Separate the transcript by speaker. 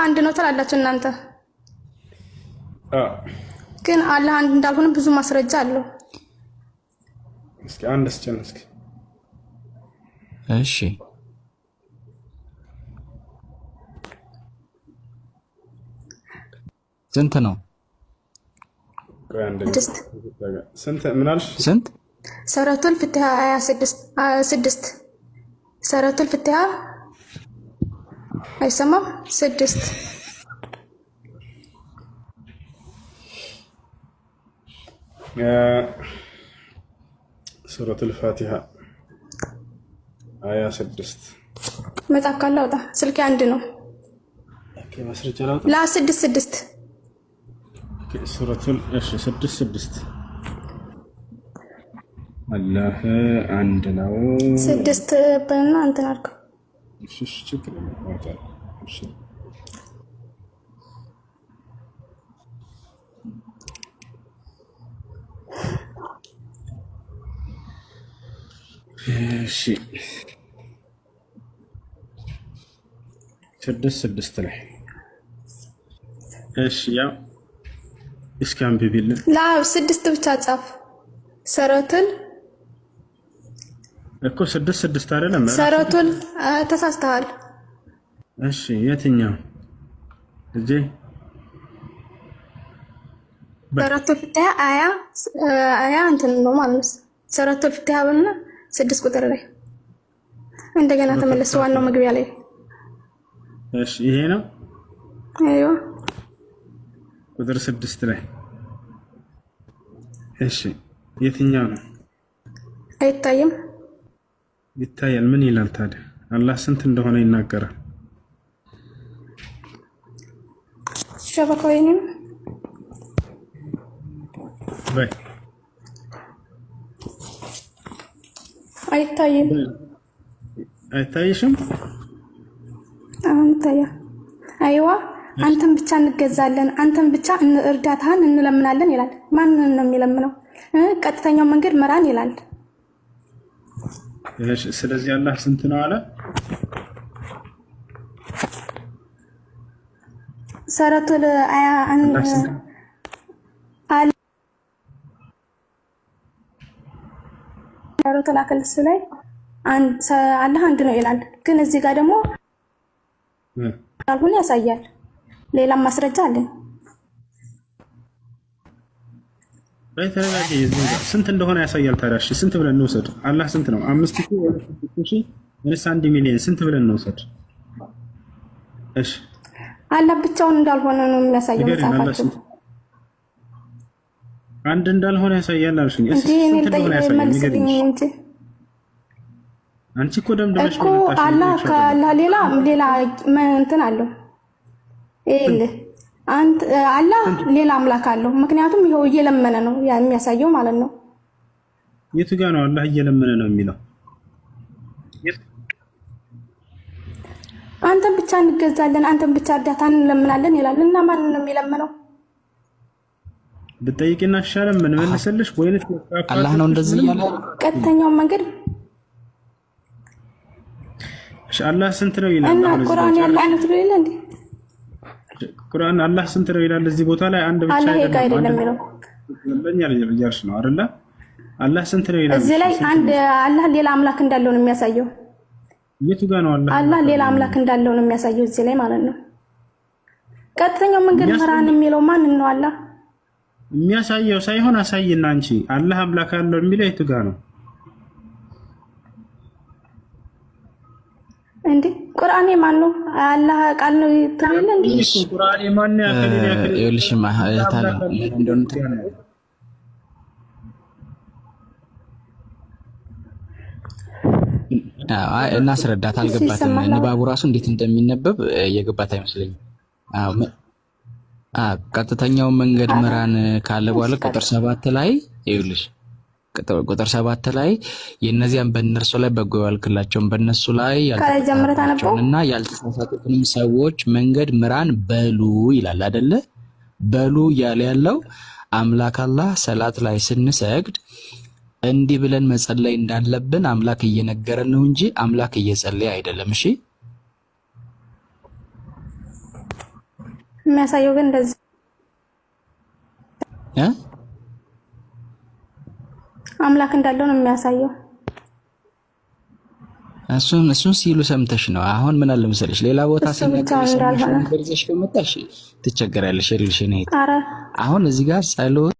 Speaker 1: አላህ አንድ ነው ትላላችሁ እናንተ። ግን አላህ አንድ እንዳልሆነ ብዙ ማስረጃ አለው።
Speaker 2: እስኪ አንድ ስጭን እስኪ።
Speaker 3: እሺ ስንት ነው? ስንት
Speaker 1: ሰረቱል ፍትሃ 26 ሰረቱል ፍትሃ አይሰማም። ስድስት
Speaker 2: ሱረቱል ፋቲሃ አያ ስድስት
Speaker 1: መጽሐፍ ካለ አውጣ። ስልኬ አንድ ነው። ላ ስድስት ስድስት
Speaker 2: ሱረቱል ስድስት ስድስት አላህ አንድ ነው።
Speaker 1: ስድስት በና እንትን አልከው።
Speaker 2: ስድስት ስድስት ላይ እሺ፣ ያው እስኪ አንብቢልን
Speaker 1: ስድስት ብቻ ጻፍ። ሰረቱን
Speaker 2: እኮ ስድስት ስድስት አይደለም።
Speaker 1: ሰረቱን ተሳስተዋል።
Speaker 2: እሺ የትኛው እጄ
Speaker 1: ሰረቶ ፍትሃ አያ አያ እንትን ነው ማለት ሰረቶ ፍትሃ ብና ስድስት ቁጥር ላይ እንደገና ተመለስ። ዋናው መግቢያ ላይ እሺ፣ ይሄ ነው አይዋ፣
Speaker 2: ቁጥር ስድስት ላይ እሺ። የትኛው ነው? አይታይም። ይታያል። ምን ይላል ታዲያ? አላህ ስንት እንደሆነ ይናገራል።
Speaker 1: ሸበካ ወይንም አይታይም። አይታይሽም? አይዋ አንተን ብቻ እንገዛለን፣ አንተን ብቻ እርዳታህን እንለምናለን ይላል። ማንን ነው የሚለምነው? ቀጥተኛው መንገድ መራን ይላል።
Speaker 2: ስለዚህ አላህ ስንት ነው አለ
Speaker 1: ሰረቱል አያ ሰረቱል አክልስ ላይ አላህ አንድ ነው ይላል። ግን እዚህ ጋር ደግሞ ካልሆነ ያሳያል። ሌላም ማስረጃ አለኝ።
Speaker 2: ስንት እንደሆነ ያሳያል። ታዲያ እሺ ስንት ብለን እንውሰድ? አላህ ስንት ነው? አምስት ሺህ ወይስ አንድ ሚሊዮን? ስንት ብለን እንውሰድ? እሺ
Speaker 1: አላ ብቻውን እንዳልሆነ ነው የሚያሳየው መጽሐፋችን።
Speaker 2: አንድ እንዳልሆነ ያሳያል አልሽኝ። አንቺ እኮ
Speaker 1: ደምደመሽ እኮ አላህ ከአላህ ሌላ ሌላ እንትን አለው። ይኸውልህ አላህ ሌላ አምላክ አለው። ምክንያቱም ይኸው እየለመነ ነው የሚያሳየው ማለት ነው።
Speaker 2: የቱ ጋ ነው አላህ እየለመነ ነው የሚለው?
Speaker 1: አንተን ብቻ እንገዛለን፣ አንተን ብቻ እርዳታ እንለምናለን ይላል እና ማን ነው የሚለምነው?
Speaker 2: ብጠይቅና ሻለም ምን መልሰልሽ? ወይንስ
Speaker 3: አላህ ነው እንደዚህ እያለ
Speaker 1: ቀጥተኛው መንገድ አላህ ስንት ነው ይላል እና ቁርአን ያለ አይነት ነው ይላል እንዴ?
Speaker 2: ቁርአን አላህ ስንት ነው ይላል? እዚህ ቦታ ላይ አንድ
Speaker 1: ብቻ አይደለም የሚለው
Speaker 2: አላህ ስንት ነው ይላል?
Speaker 1: እዚህ ላይ አንድ አላህ ሌላ አምላክ እንዳለው ነው የሚያሳየው
Speaker 2: የቱ ጋር ነው አላህ
Speaker 1: አላህ ሌላ አምላክ እንዳለው ነው የሚያሳየው እዚህ ላይ ማለት ነው። ቀጥተኛው መንገድ ምራን የሚለው ማን ነው? አላህ
Speaker 2: የሚያሳየው ሳይሆን አሳይና አንቺ አላህ አምላክ አለው የሚለው የቱ ጋር ነው
Speaker 1: እንዴ? ቁርአኔ ማን ነው? አላህ ቃል ነው ትላለህ
Speaker 3: እንዴ? ቁርአኔ ማን ነው? ያከለ ያከለ እናስረዳት አልገባትም። ንባቡ ራሱ እንዴት እንደሚነበብ የገባት አይመስለኝም። ቀጥተኛው መንገድ ምራን ካለ በኋላ ቁጥር ሰባት ላይ ይኸውልሽ ቁጥር ሰባት ላይ የእነዚያን በእነርሱ ላይ በጎ ያልክላቸውን በእነሱ ላይ
Speaker 1: ያልተሳሳቱንና
Speaker 3: ያልተሳሳቱትንም ሰዎች መንገድ ምራን በሉ ይላል አደለ? በሉ እያለ ያለው አምላክ አላህ ሰላት ላይ ስንሰግድ እንዲህ ብለን መጸለይ እንዳለብን አምላክ እየነገረን ነው እንጂ አምላክ እየጸለየ አይደለም። እሺ
Speaker 1: የሚያሳየው ግን እንደዚህ አምላክ እንዳለው ነው የሚያሳየው።
Speaker 3: እሱን እሱን ሲሉ ሰምተሽ ነው። አሁን ምን አለ መሰለሽ፣ ሌላ ቦታ ሲነገርሽ ከመጣሽ ትቸገራለሽ። ነው አሁን እዚህ ጋር ጸሎት